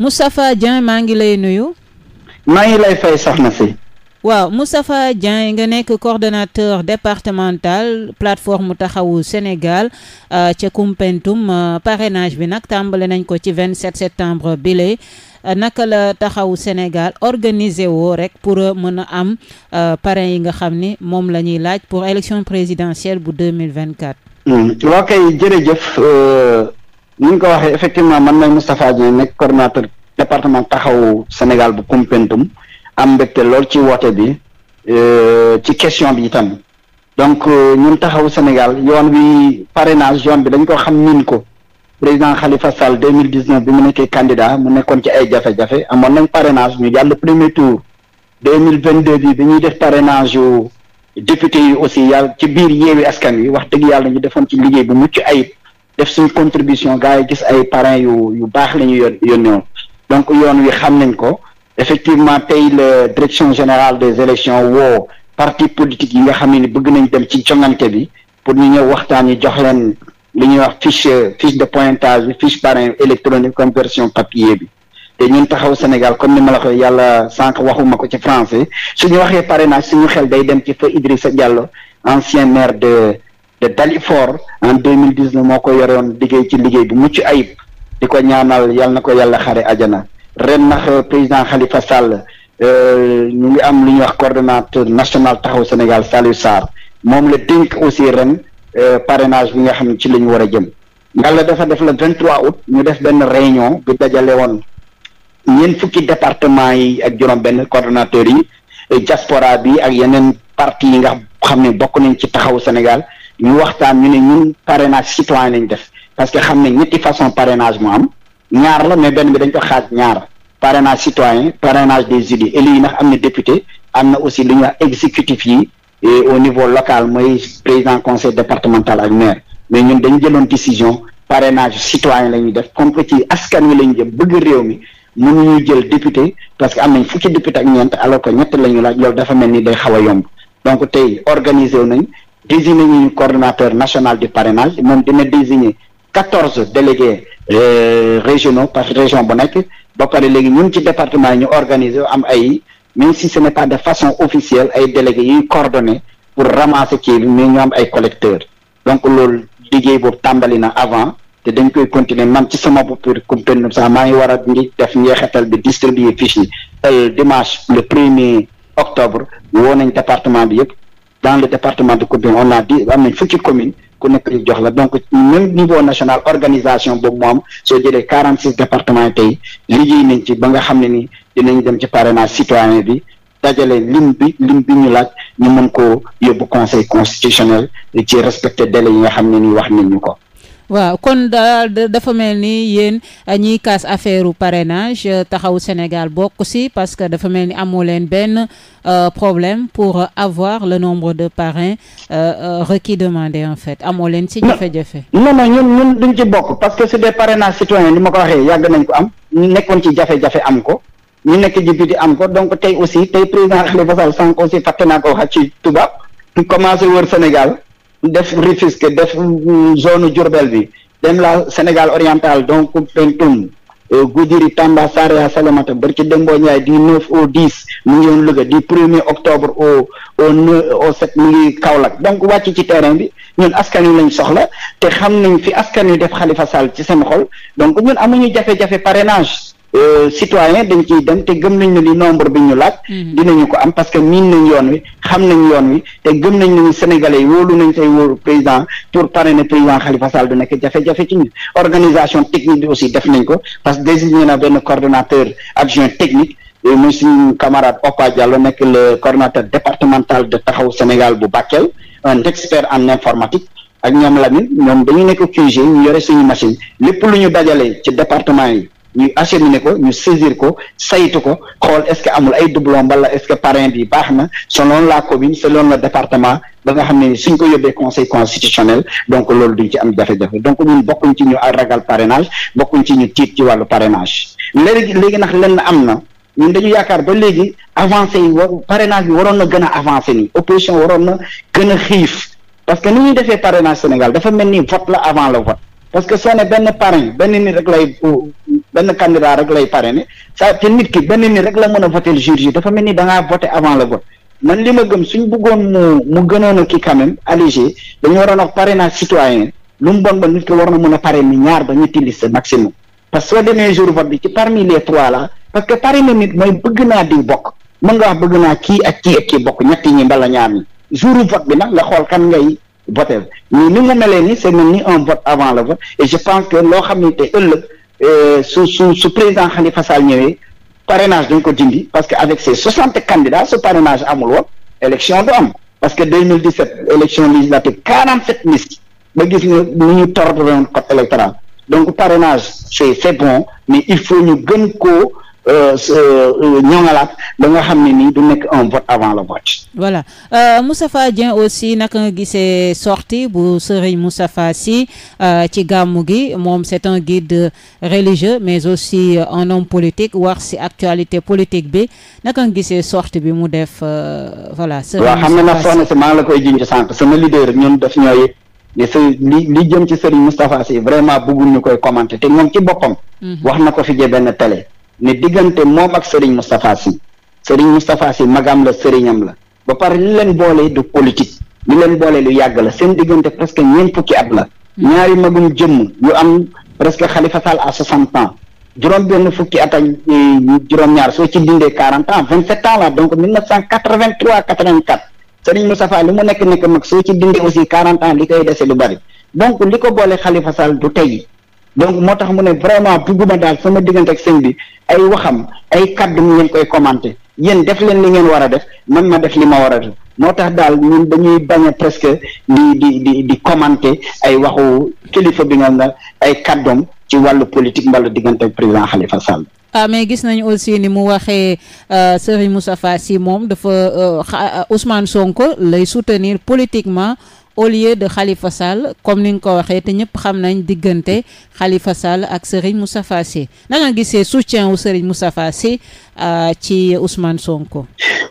Moustapha Dieng maa ngi lay nuyu. maa ngi lay fay soxna si. waaw Moustapha Dieng nga nekk coordonnateur départemental plateforme taxawu Sénégal euh, ca Koumpentoum euh, parrainage bi nag tàmbale nañ ko ci 27 septembre bile euh, naka la taxawu Sénégal organiser woo rek pour mën a am parrain yi nga xam ni moom la ñuy laaj pour élection présidentielle bu 2024. Hmm. waaw kay jërëjëf. ni ñu ko waxee effectivement man may Moustapha Dieng nekk coordonnateur département taxaw Sénégal bu Koumpentoum am mbégte lool ci woote bi euh, ci question bi itam donc euh, ñun taxawu Sénégal yoon wi parrainage yoon bi dañ ko xam miin ko président xalifa Sall deux mille dix neuf bi mu nekkee candidat mu nekkoon ci ay jafe-jafe amoon nañ parrainage ñu jàll premier tour deux mille vingt deux bi bi ñuy def parrainage yu député yi aussi yàlla ci biir Yewwi Askan Wi wax dëgg yàlla ñu defoon ci liggéey bu mucc ayib def suñ contribution gars yi gis ay parrain yu yu baax la ñu yon yónneewoon donc yoon wi xam nañ ko effectivement tey la direction générale des élections woo parti politique yi nga xam ne bëgg nañ dem ci joŋante bi pour ñu ñëw waxtaan ñu jox leen lu ñuy wax fiche fiche de pointage bi fiche parrain électronique comme version papier bi te ñun taxaw Sénégal comme ni ma la ko yàlla sànq waxuma ko ci français suñu waxee parrainage suñu xel day dem ci fa Idrissa Diallo ancien maire de de Dalifort en deux mille dix moo ko yoroon liggéey ci liggéey bi mucc ayib di ko ñaanal yal na ko yàlla xare ajana ren na euh, président Khalifa Sall euh, ñu ngi am lu ñuy wax coordonnateur national taxaw Sénégal Saliou Sarr moom la dénk aussi ren euh, parenage bi nga xam ne ci la ñu war a jëm yàlla dafa def la vingt trois août ñu def benn réunion bi dajale woon ñeent fukki département yi ak juróom benn coordonnateur yi diaspora bi ak yeneen partie yi nga xam ne bokk nañ ci taxaw Sénégal ñu waxtaan ñu ne ñun parrainage citoyen lañ def parce que xam ne ñetti façon parrainage ñaar la mais benn bi dañ ko xaaj ñaar parrainage citoyen parrainage des élus élus yi nag am na député am na aussi lu ñuy wax exécutif yi au niveau local mooy président conseil départemental ak maire mais ñun dañ jëloon décision parenage citoyen la ñuy def comme que ci askan wi la ñu jëm bëgg réew mi mënuñu jël député parce que am nañ fukki député ak ñeent alors que ñett la ñu laaj loolu dafa mel ni day xaw a yomb donc tey organiser wu nañ désigné ñu coordonnateur national du parrainage moom dina désigner quatorze délégués euh, régionaux par région bu nekk ba pare léegi ñun ci département ñu organiser am ay mais si ce n'est pas de façon officielle ay délégués yuy coordonné pour ramasser kii bi mais ñu am ay collecteurs donc loolu liggéey boobu tàmbali na avant te dañ koy continuer man ci sama bopp pour continuer sax maa ngi war a ngi def njeexital bi distribuer fiche yi euh, dimanche le premier octobre woo nañ département bi yëpp dans le département de Koumbine on a dit am nañ fukki commune ku nekk ñu jox la donc même niveau national organisation boobu moom soo jëlee quarante six département yi tey liggéey nañ ci ba nga xam ne ni dinañ dem ci parrainage citoyen bi dajalee lim bi lim bi ñu laaj ñu mën ko yóbbu conseil constitutionnel ci respecter délai yi nga xam ne ni wax nañ ñu ko waaw kon daal dafa mel ni yéen eh, ñuy kaas affaire parrainage eh, taxaw Sénégal bokk si parce que dafa mel ni amoo leen benn eh, problème pour avoir le nombre de parrains requis demandé en fait amoo leen si jafe-jafe. non non ñun ñun duñ ci bokk parce que c'est des parrainages citoyens ni ma ko waxee yàgg nañ ko am ñu nekkoon ci jafe-jafe am ko. ñu nekk député am ko donc tey aussi tey président Khalifa Sall sànq aussi fàtte naa ko wax ci tubaab commencé wër Sénégal. def Rufisque def zone Diourbel bi dem la Sénégal oriental donc Pentoum euh, Goudiri Tamba Saraya Salemata barki Dembo Ndiaye du 9 au 10 mu ngi woon Louga du premier octobre au au au 7 mu ngi Kaolack donc wàcc ci terrain bi ñun askan wi lañ soxla te xam nañ fi askan wi def xalifa Sall ci seen xol donc ñun amuñu jafe-jafe parrainage Euh, citoyen dañ ciy dem te gëm nañ ne li nombre bi ñu laaj mhm. dinañu ko am parce que miin nañ yoon wi xam nañ yoon wi te gëm nañ ne sénégalais yi wóolu nañ koy wóolu président pour parrainer président Khalifa Sall du nekk jafe-jafe ci ñu organisation technique bi aussi def nañ ko parce que désigné na benn coordonnateur adjoint technique euh, muy suñu camarade Opa Diallo nekk le coordonnateur départemental de taxaw Sénégal bu Bakel un expert en informatique ak ñoom Lamine ñoom dañu nekk QG ñu yore suñu machine lépp lu ñu dajale ci département yi ñu acheminé ko ñu saisir ko saytu ko xool est-ce que amul ay doublon wala est-ce que parrain bi baax na selon la commune selon le département ba nga xam ne suñ ko yóbbee conseil constitutionnel donc loolu duñ ci am jafe-jafe donc ñun bokkuñ ci ñu ragal parrainage bokkuñ ci ñu tiit ci wàllu parrainage léegi léegi nag lenn am na ñun dañu yaakaar ba léegi avancé yi war parrainage bi waroon na gën a avancer nii opposition waroon na gën a xiif parce que ni ñuy defee parrainage Sénégal dafa mel ni vote la avant le vote benn candidat rek lay parrainer ça te nit ki benn nit rek la mën a voter le jour dafa mel ni da ngaa avant le vote man li ma gëm suñ bëggoon mu mu gënoon a kii quand même allégé dañu waroon a wax parrainage citoyen lu mu bon ba nit ki war na mën a pare parrainer ñaar ba ñu ñetti liste maximum parce que soo demee jour vote bi ci parmi les trois là parce que parrainer nit mooy bëgg naa di bokk mën nga wax bëgg naa kii ak kii ak kii bokk ñetti ñi mbala ñaar ñi jour vote bi nag nga xool kan ngay voter mais ni mu melee ni c'est ni un vote avant le vote je pense que loo xam ne te ëllëg su su su président Khalifa Sall ñëwee parrainage dañ ko dindi parce que avec ces soixante candidats ce parrainage amul woon élection parce que 2017 élection législative 47 listes ba gis nga nu ñu tordre woon code électoral donc parrainage c'est bon mais il faut ñu gën koo Euh, euh, ñoŋalaat ba nga xam ne nii du nekk un vote avant le vote. voilà euh, Moustapha Dieng aussi naka nga gisee sorti bu Serigne Moustapha Sy ci gàmmu gi moom c'est un guide religieux mais aussi un homme politique wax si actualité politique bi naka nga gisee sortie bi mu def voilà. Serigne Moustapha Sy waaw xam si maa la koy junj sànq sama leader ñun daf ñooy ne li jëm ci Serigne Moustapha Sy vraiment bëggul ñu koy commenter te moom ci boppam. Mhm. wax na ko fi je benn télé. ne diggante moom ak Serigne Moustapha Sy Serigne Moustapha Sy magam la sëriñam la ba pare li leen boole du politique li leen boole lu yàgg la seen diggante presque ñeent fukki at la hmm. ñaari magum jëmm yu am presque Khalifa Sall à soixante ans juróom benn fukki at ak eh, juróom-ñaar soo ci dindee quarante ans vingt sept ans la donc mille neuf cent quatre vingt trois quatre vingt quatre Serigne Moustapha li mu nekk nekk mag soo ci dindee aussi quarante ans li koy dese lu bari donc li ko boole Khalifa Sall du tey donc moo tax mu ne vraiment bugguma daal sama diggante ak sëñ bi ay waxam ay kàddu ngeen koy commenté yéen def leen li ngeen war a def man ma def li ma war a def moo tax daal ñun dañuy bañ a presque di di di di commenté ay waxu kilifa bi nga nga ay kàddoom ci wàllu politique mbala diggante ak président Khalifa Sall. ah mais gis nañu aussi ni mu waxee euh, Serigne Moustapha si moom dafa euh, euh, Ousmane Sonko lay soutenir politiquement. au lieu de Khalifa saal comme ni nga ko waxee te ñëpp xam nañ diggante Khalifa saal ak Serigne Moustapha Sy na nga gisee soutien wu Serigne Moustapha Sy euh, ci Ousmane Sonko.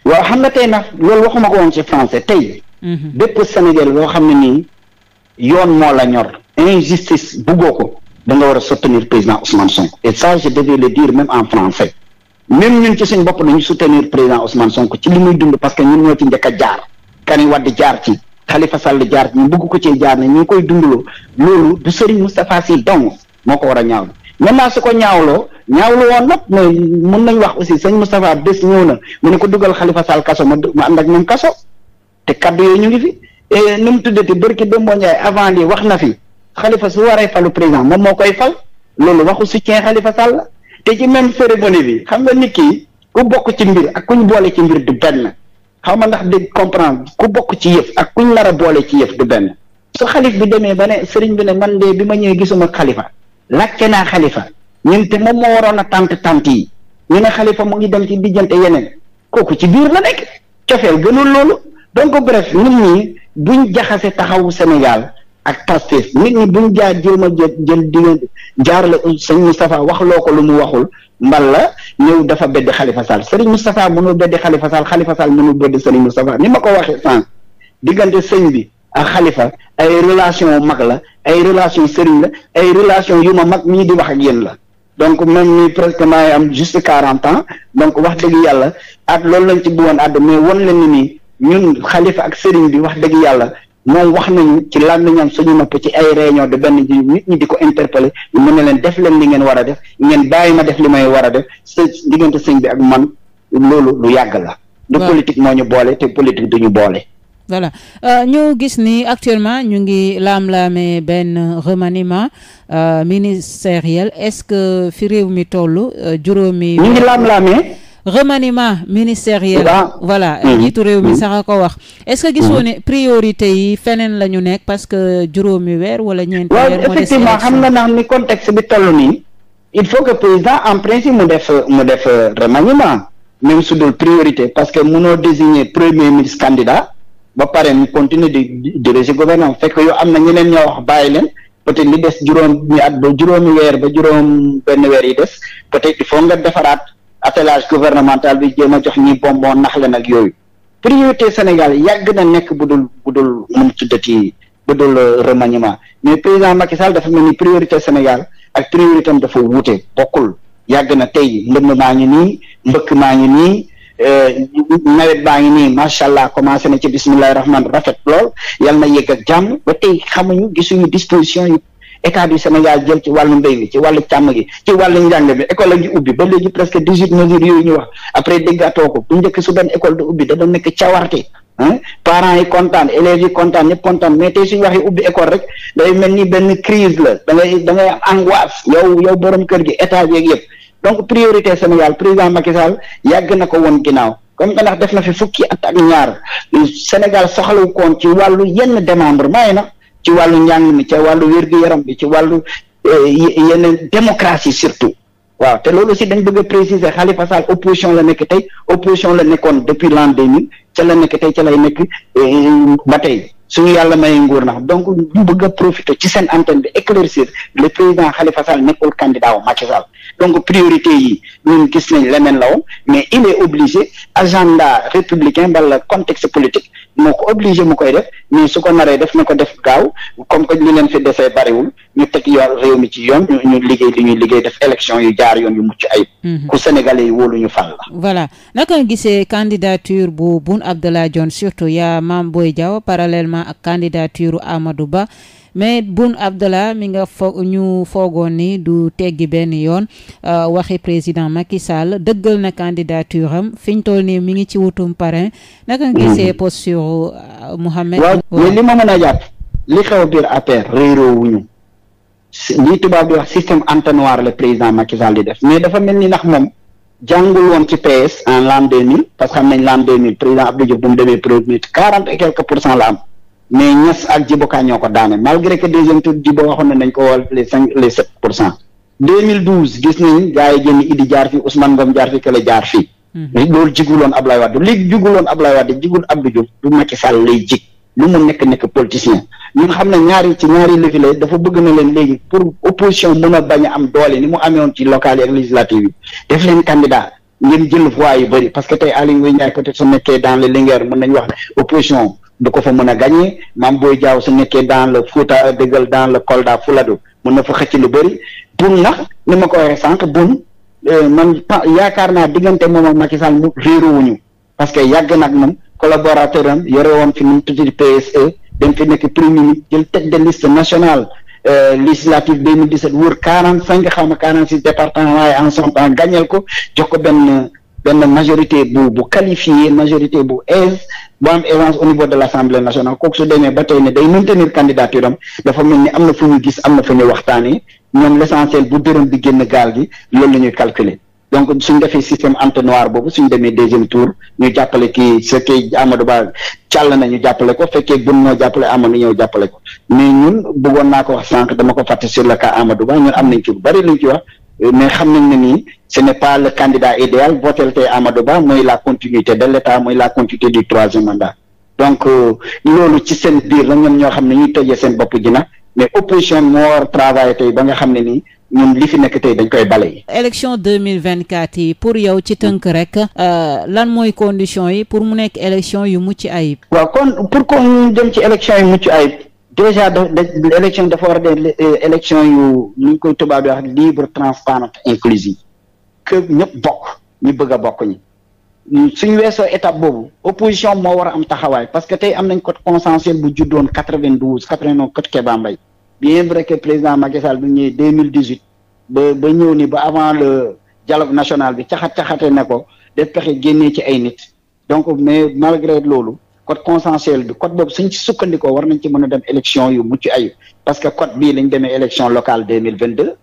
waaw xam na tey nag loolu waxuma ko woon ci français tey. Mhm. bépp Sénégal loo xam ne nii yoon moo la ñor. injustice buggoo ko da nga war a soutenir président Ousmane Sonko et ça je devais le dire même en français même ñun ci suñ bopp dañu soutenir président Ousmane Sonko ci li muy dund parce que ñun ñoo ci njëkk a jaar. Karim jaar ci. Khalifa Sall jaar ñu bëgg ko cee jaar ne ñu ngi koy dundaloo loolu du Serigne Moustapha Sy dong moo ko war a ñaawlu maintenant su ko ñaawloo ñaawlu woon nag mais mën nañ wax aussi sëñ Moustapha bés ñëw na mu ne ko dugal Khalifa Sall kaso ma ma ànd ak ñoom kaso te kaddu yooyu ñu ngi fi nu mu tuddati barki Demba Ndiaye avant lii wax na fi Khalifa su waree falu président moom moo koy fal loolu waxu soutien Khalifa Sall te ci même cérémonie bi xam nga nit ki ku bokk ci mbir ak ku ñu boole ci mbir du benn. xaw ma ndax di comprendre ku bokk ci yëf ak kuñ nar a boole ci yëf du benn su xalif bi demee ba ne sëriñ bi ne man de bi ma ñëwee gisuma xalifa laajte naa xalifa ñun te moom ma waroon a tant tant yi ñu ne xalifa mu ngi dem ci diggante yeneen kooku ci biir la nekk cofeel gënul loolu donc bref nit ñi buñ jaxase taxawu Sénégal ak Pastef nit ñi buñ jaar jéem a jël diggante jaarale sëñ Moustapha wax loo ko lu mu waxul mbal la ñëw dafa beddi Khalifa Sall Serigne Moustapha mënul beddi Khalifa Sall Khalifa Sall mënul beddi Serigne Moustapha ni ma ko waxee sànq diggante sëñ bi ak xalifa ay relation mag la ay relation Serigne la ay relation yu ma mag mii di wax ak yéen la donc même ni presque maay am juste quarante ans donc wax dëgg yàlla at loolu lañ ci bëggoon àdd mais won leen nii ñun Khalifa ak Serigne bi wax dëgg yàlla moom wax nañu ci làmmiñam suñu nopp ci ay réunion de benn ji nit ñi di ko interpeller mun na leen def leen li ngeen war a def ngeen bàyyi ma def li may war a def sa diggante sëñ bi ak man loolu lu yàgg la du politique moo ñu boole te politique duñu boole voilà euh, ñu gis ni actuellement ñu ngi laam-laamee benn remaniement euh, ministériel est-ce que fi réew mi toll euh, juróomi ñu ngi laam-laamee remaniement ministériel voilà mhm. njiitu réew mi mhm. sax a ko wax est-ce que gisoo mhm. ne priorité yi feneen la ñu nekk parce que juróomi weer wala ñeenti weer moo xam nga nag ni contexte bi toll nii il faut que président en principe mu def mu def euh, remaniement même su dul priorité parce que mënoo désigner premier ministre candidat ba pare mu continuer di diriger gouvernement fekk yo am na ñeneen ñoo wax bàyyi leen peut-être li des juróom ñi at ba juróomi weer ba juróom benn yi des peut-être il nga defaraat attelage gouvernemental bi jéem a jox ñi bonbon nax leen ak yooyu priorité Sénégal yàgg na nekk bu dul bu dul mun tuddati bu dul euh, remaniement mais président Macky Sall dafa mel ni priorité Sénégal ak priorité am dafa wuute bokkul yàgg na tey ndëmm maa ngi nii mbëkk maa ngi nii euh, nawet baa ngi nii macha allah commencé na ci bisimilah rahman rafet lool yal na yegg ak jàmm ba tey xamuñu gisuñu disposition état yu Sénégal jël ci wàllu mbéy mi ci wàllu càmm gi ci wàllu njàng bi école ak gi ubbi ba léegi presque dix huit mesures yooyu ñu wax après déggatoo ko bu njëkk su doon école di ubbi da doon nekk cawarte parents yi kontaan élèves yi kontaan ñëpp kontaan mais tey suñu waxee ubbi école rek day mel ni benn crise la da ngay da ngay am angoisse yow yow kër gi état yeeg yëpp donc priorité Sénégal président Macky Sall yàgg na ko woon ginnaaw comme que def na fi fukki at ak ñaar Sénégal soxlawu koon ci wàllu yenn démembrement yi nag ci wàllu njàng mi ci wàllu wér yaram bi ci wàllu euh, yeneen démocratie surtout waaw te loolu aussi dañ bëgg a préciser Khalifa Sall opposition la nekk tey opposition la nekkoon depuis l'an de mille ca la nekk tey ca lay nekk euh, ba tey suñu yàlla may nguur nag donc ñu bëgg a ci seen antenne bi éclaircir le président Khalifa Sall nekkul candidat wu Macky donc priorité yi ñun gis nañ leneen law mais il est obligé agenda républicain wala contexte politique moo ko obligé mu koy def mais su ko naree def na ko def gaaw comme que ñu leen fi desee bariwul ñu teg yoon réew mi ci yoon ñu liggéey li ñuy liggéey def élection yu jaar yoon yu mucc ayib. Mhm. ku sénégalais yi wóolu ñu fal la. voilà naka nga gisee candidature bu bun Abdallah Dionne surtout yaa maam booy Diao parallèlement ak candidature amadu Ba mais Boun Abdallah mi nga foog ñu foogoon ni du teggi benn yoon euh, waxi président Macky Sall dëggal na candidature am fi toll nii mi ngi ci wutum parrain naka nga gisee mhm. posture euh, Mouhamed. waaw li ma mën a jàpp li xew biir APR lii tubaab di wax système entonnoir le président Macky di def mais dafa mel ni ndax moom jàngul ci PS en l'an 2000 parce président Abdou bu mu demee premier quarante et pour cent la am mais Niass ak Djibo Ka ko daane malgré que deuxième tour Djibo waxoon na nañ ko wol les cinq les sept pour cent 2012 gis nañ gars yi jënd Idi jaar fi Ousmane Ngom jaar fi Kële jaar fi mhm. loolu jiguloon Ablaye Wade léegi jiguloon Ablaye Wade jigul Abdou Diouf du Macky lu mu nekk nekk politicien ñun xam ne ñaari ci ñaari levier la dafa bëgg na leen léegi pour opposition mën a bañ am doole ni mu amee woon ci local yi ak législatives yi def leen candidat ngeen jël voix yu bëri parce que tey Aliou Ngouille Ndiaye peut-être su nekkee dans le Linguère mën nañu wax ne opposition du ko fa mën a gagné Mame Boye Diao su nekkee dans le Fouta dëggal dans le Kolda Fuladu mën na fa xëcc lu bëri pour ndax ni ma ko waxee sànq bun euh, man yaakaar naa diggante moom ak Macky Sall mu wuñu parce que yàgg nag moom collaborateur am yore woon fi mu petit PSE dem fi nekk premier ministre jël tête de liste nationale euh, législative 2017 wër 45 xaw ma 46 département waaye en son temps gañeel ko jox ko benn benn majorité bu bu qualifiée majorité bu aise bu am avance au niveau de l' assemblée nationale kooku su demee ba tey ne day maintenir candidature am dafa mel ni am na fu ñu gis am na fu ñu waxtaanee ñoom l' essentiel bu dërëm di génn gaal gi loolu la ñuy calculer. donc suñ defee système entonnoir boobu suñ demee deuxième tour ñu jàppale kii su fekkee Amadou càll na ñu jàppale ko fekkee gën ñoo jàppale Amadou ñëw jàppale ko bëggoon naa ko wax sànq dama ko fàtte sur le cas Amadou Ba am nañ ci lu bari luñ ci wax mais xam nañ ne nii ce n'est pas le candidat idéal votel tey Amadou Ba mooy la continuité de mooy la continuité du troisième mandat donc euh, loolu ci seen biir la ñoom ñoo xam ne ñuy tojee seen bopp ji na mais opposition moo war tey ba nga xam ne nii ñun li fi nekk tey dañ koy bale. élection deux mille vingt quatre yi pour yow ci tënk rek euh, lan mooy condition yi pour mu nekk élection yu mucc ayib. waaw kon pour kon dem ci élection yu mucc ayib déjà da élection dafa war a de euh, élection yu nu ñu koy tubaab di wax libre transparente inclusive que ñëpp bokk ñu bëgg a bokk ñi. suñu weesoo étape boobu opposition moo war a am taxawaay parce que tey am nañ code consensuel bu juddoon quatre vingt douze quatre vingt neuf code Kéba Mbaye bien vrai que président Macky Sall bi ñëwee deux mille dix ba ba ñëw ni ba avant le dialogue national bi caxat-caxate na ko def pexe génnee ci ay nit donc mais malgré loolu code consensuel bi code boobu suñ ci sukkandikoo war nañ ci mën a dem élection yu mucc ayu parce que code bii lañ demee élection locale deux mille vingt deux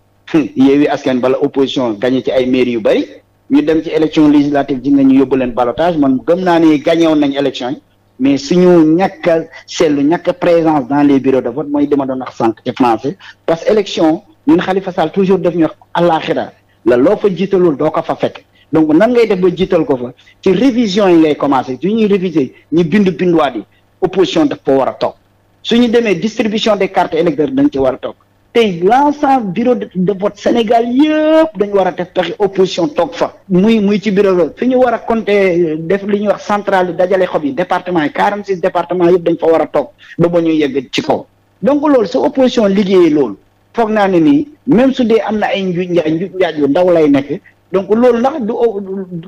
Yewwi Askan bala opposition gagné ci ay mairie yu bëri ñu dem ci élection législative ji nga ñu yóbbu leen balotage man gëm naa ni gagné nañ élection mais suñu ñàkk a seetlu ñàkk a présence dans les bureaux de vote mooy li ma doon wax sànq ci français parce que élection ñun Khalifa Sall toujours def ñu wax la loo fa jiitalul doo ko fa fekk donc nan ngay def ba jiital ko fa ci révision yi ngay commencé su ñuy réviser ñu bind binduwaat yi opposition daf ko war a toog su ñu demee distribution des cartes électeurs dañ ci war a toog tey l'ensemble bureau de vote Sénégal yëpp dañu war a def pexe opposition toog fa muy muy ci bureau fi ñu war a compter def li ñu wax centrale dajale xob yi département yi quarante six département yépp dañ fa war a toog ba ñu ñuy yegg ci kaw donc loolu sa opposition liggéeyee loolu foog naa ne nii même su dee am na ay njuuj njaaj njuuj njaaj yu ndaw lay nekk donc loolu ndax du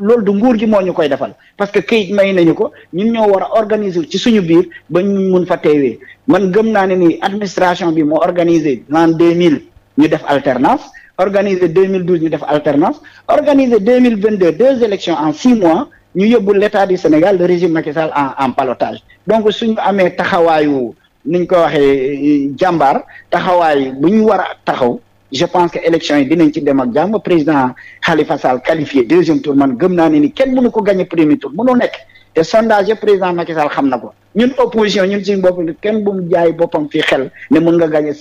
loolu du nguur gi moo ñu koy defal parce que kayit may nañu ko ñun ñoo war a organiser ci suñu biir ba ñu mun fa teewee man gëm naa ne ni administration bi moo organiser l'an deux mille ñu def alternance organiser deux mille douze ñu def alternance organiser deux mille vingt deux deux élections en six mois ñu yóbbu l'état du Sénégal le régime Macky en en ballottage donc suñu amee taxawaayu niñ ko waxee jàmbaar taxawaay bu ñu war a taxaw je pense que élection yi dinañ ci dem ak jàmm président Khalifa Sall qualifié deuxième tour man gëm naa ne ni kenn mënu ko gagné premier tour mënoo nekk te sondage président Macky Sall xam na ko ñun opposition ñun suñu bopp kenn bu jaay boppam fii xel ne mën nga gagné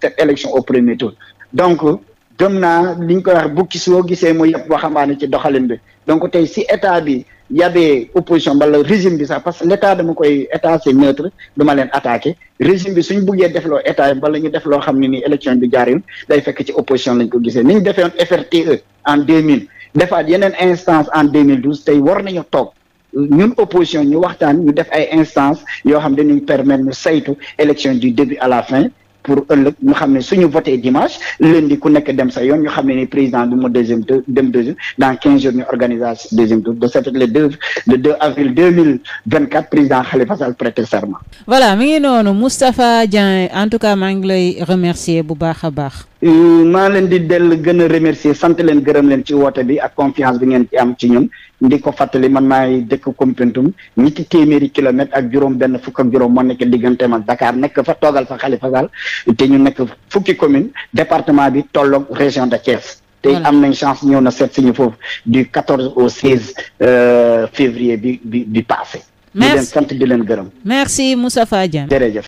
cette élection au premier tour donc gëm naa liñ ko wax bukki soo gisee mu yëpp waxambaane ci doxalin bi donc tey si état bi y avait opposition wala régime bi sax parce que l' état dama koy état c'est neutre du leen attaqué régime bi suñ buggee def loo état yi ñu def loo xam ne ni élection bi jaarul day fekk ci opposition lañ ko gisee ni ñu defee woon FRTE en 2000 defaat yeneen instance en 2012 tey war nañu toog ñun opposition ñu waxtaan ñu def ay instance yoo xam dañuy permettre ñu saytu élection du début à la fin pour ëllëg ñu xam ne suñu voté dimanche lundi ku nekk dem sa yoon ñu xam ne ni président du mu deuxième tour dem deuxième dans le deux le deux avril deux mille vingt quatre président Khalifa Sall prêter serment. voilà mi ngi noonu Moustapha Dieng en tout cas maa ngi lay remercier bu baax a baax. Euh, maa leen di dell gën remercier sant leen gërëm leen ci woote bi ak confiance bi ngeen am ci ñun. ndi ko fàttali man maay dëkk Koumpentoum ñetti téeméeri kilomètre ak juróom benn fukk ak juróom moo nekk digganteem ak Dakar nekk fa toogal fa Khalifa Sall te ñu nekk fukki commune département bi tolloog région de Thiès te am nañ chance ñëw na seet siñu foofu du quatorze au seize euh, février bi bi bi passé di leen sant di leen gërëm merci Moustapha Dieng jërëjëf